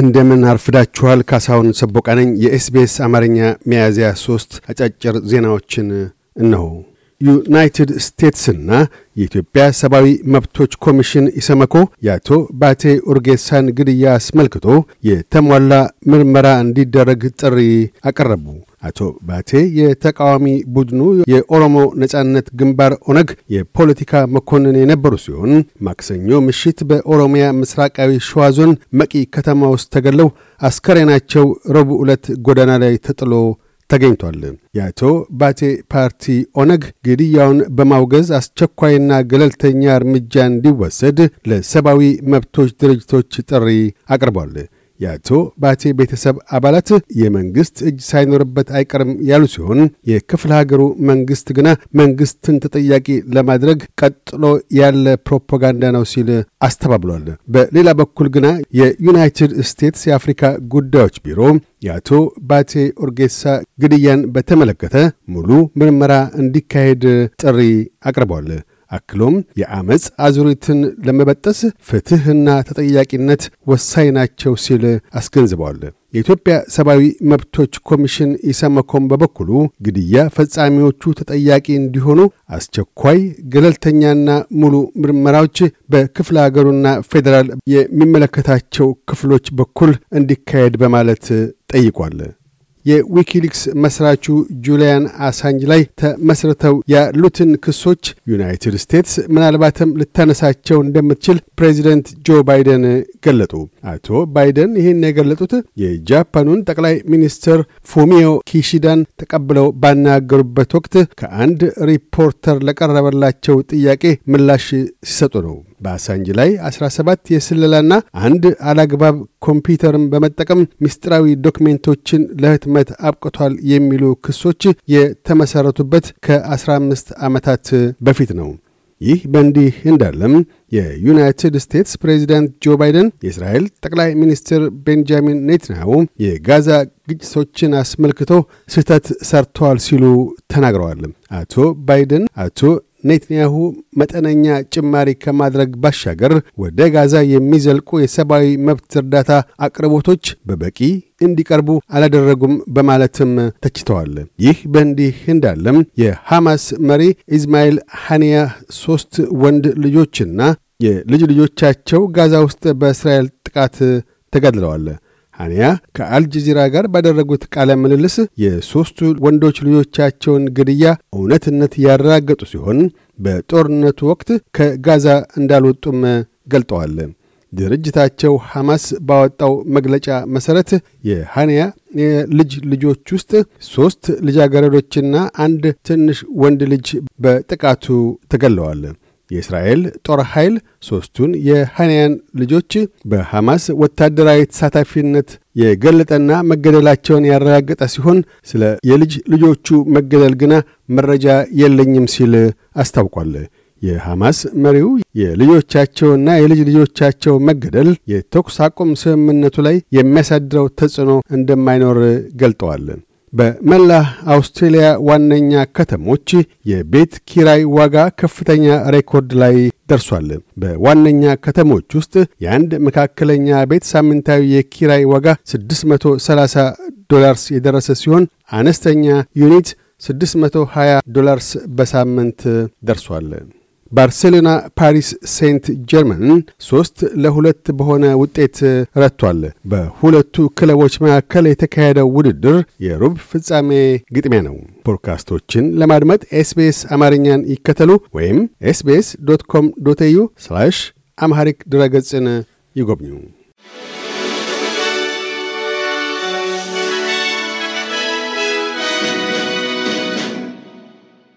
እንደምን አርፍዳችኋል። ካሳሁን ሰቦቃ ነኝ። የኤስቢኤስ አማርኛ ሚያዝያ ሶስት አጫጭር ዜናዎችን እነሆ። ዩናይትድ ስቴትስና የኢትዮጵያ ሰብአዊ መብቶች ኮሚሽን ኢሰመኮ የአቶ ባቴ ኡርጌሳን ግድያ አስመልክቶ የተሟላ ምርመራ እንዲደረግ ጥሪ አቀረቡ። አቶ ባቴ የተቃዋሚ ቡድኑ የኦሮሞ ነጻነት ግንባር ኦነግ የፖለቲካ መኮንን የነበሩ ሲሆን ማክሰኞ ምሽት በኦሮሚያ ምስራቃዊ ሸዋ ዞን መቂ ከተማ ውስጥ ተገለው አስከሬናቸው ረቡዕ ዕለት ጎዳና ላይ ተጥሎ ተገኝቷል። የአቶ ባቴ ፓርቲ ኦነግ ግድያውን በማውገዝ አስቸኳይና ገለልተኛ እርምጃ እንዲወሰድ ለሰብአዊ መብቶች ድርጅቶች ጥሪ አቅርቧል። የአቶ ባቴ ቤተሰብ አባላት የመንግስት እጅ ሳይኖርበት አይቀርም ያሉ ሲሆን የክፍለ ሀገሩ መንግስት ግና መንግስትን ተጠያቂ ለማድረግ ቀጥሎ ያለ ፕሮፓጋንዳ ነው ሲል አስተባብሏል። በሌላ በኩል ግና የዩናይትድ ስቴትስ የአፍሪካ ጉዳዮች ቢሮ የአቶ ባቴ ኦርጌሳ ግድያን በተመለከተ ሙሉ ምርመራ እንዲካሄድ ጥሪ አቅርቧል። አክሎም የአመፅ አዙሪትን ለመበጠስ ፍትህና ተጠያቂነት ወሳኝ ናቸው ሲል አስገንዝበዋል። የኢትዮጵያ ሰብአዊ መብቶች ኮሚሽን ኢሰመኮም በበኩሉ ግድያ ፈጻሚዎቹ ተጠያቂ እንዲሆኑ አስቸኳይ ገለልተኛና ሙሉ ምርመራዎች በክፍለ አገሩና ፌዴራል የሚመለከታቸው ክፍሎች በኩል እንዲካሄድ በማለት ጠይቋል። የዊኪሊክስ መስራቹ ጁሊያን አሳንጅ ላይ ተመስርተው ያሉትን ክሶች ዩናይትድ ስቴትስ ምናልባትም ልታነሳቸው እንደምትችል ፕሬዚደንት ጆ ባይደን ገለጡ። አቶ ባይደን ይህን የገለጡት የጃፓኑን ጠቅላይ ሚኒስትር ፉሚዮ ኪሺዳን ተቀብለው ባናገሩበት ወቅት ከአንድ ሪፖርተር ለቀረበላቸው ጥያቄ ምላሽ ሲሰጡ ነው። በአሳንጅ ላይ 17 የስለላና አንድ አላግባብ ኮምፒውተርን በመጠቀም ምስጢራዊ ዶክሜንቶችን ለህትመት አብቅቷል የሚሉ ክሶች የተመሰረቱበት ከ15 ዓመታት በፊት ነው። ይህ በእንዲህ እንዳለም የዩናይትድ ስቴትስ ፕሬዚዳንት ጆ ባይደን የእስራኤል ጠቅላይ ሚኒስትር ቤንጃሚን ኔትንያሁ የጋዛ ግጭቶችን አስመልክቶ ስህተት ሰርተዋል ሲሉ ተናግረዋል። አቶ ባይደን አቶ ኔትንያሁ መጠነኛ ጭማሪ ከማድረግ ባሻገር ወደ ጋዛ የሚዘልቁ የሰብአዊ መብት እርዳታ አቅርቦቶች በበቂ እንዲቀርቡ አላደረጉም በማለትም ተችተዋል። ይህ በእንዲህ እንዳለም የሐማስ መሪ ኢዝማኤል ሐንያ ሦስት ወንድ ልጆችና የልጅ ልጆቻቸው ጋዛ ውስጥ በእስራኤል ጥቃት ተጋድለዋል። ሃኒያ ከአልጀዚራ ጋር ባደረጉት ቃለ ምልልስ የሦስቱ ወንዶች ልጆቻቸውን ግድያ እውነትነት ያረጋገጡ ሲሆን በጦርነቱ ወቅት ከጋዛ እንዳልወጡም ገልጠዋል። ድርጅታቸው ሐማስ ባወጣው መግለጫ መሠረት የሐንያ የልጅ ልጆች ውስጥ ሦስት ልጃገረዶችና አንድ ትንሽ ወንድ ልጅ በጥቃቱ ተገለዋል። የእስራኤል ጦር ኃይል ሦስቱን የሐንያን ልጆች በሐማስ ወታደራዊ ተሳታፊነት የገለጠና መገደላቸውን ያረጋገጠ ሲሆን ስለ የልጅ ልጆቹ መገደል ግና መረጃ የለኝም ሲል አስታውቋል። የሐማስ መሪው የልጆቻቸውና የልጅ ልጆቻቸው መገደል የተኩስ አቁም ስምምነቱ ላይ የሚያሳድረው ተጽዕኖ እንደማይኖር ገልጠዋል። በመላ አውስትሬልያ ዋነኛ ከተሞች የቤት ኪራይ ዋጋ ከፍተኛ ሬኮርድ ላይ ደርሷል። በዋነኛ ከተሞች ውስጥ የአንድ መካከለኛ ቤት ሳምንታዊ የኪራይ ዋጋ 630 ዶላርስ የደረሰ ሲሆን አነስተኛ ዩኒት 620 ዶላርስ በሳምንት ደርሷል። ባርሴሎና ፓሪስ ሴንት ጀርመንን ሶስት ለሁለት በሆነ ውጤት ረቷል። በሁለቱ ክለቦች መካከል የተካሄደው ውድድር የሩብ ፍጻሜ ግጥሚያ ነው። ፖድካስቶችን ለማድመጥ ኤስቤስ አማርኛን ይከተሉ ወይም ኤስቤስ ዶት ኮም ዶት ኤዩ አምሃሪክ ድረገጽን ይጎብኙ።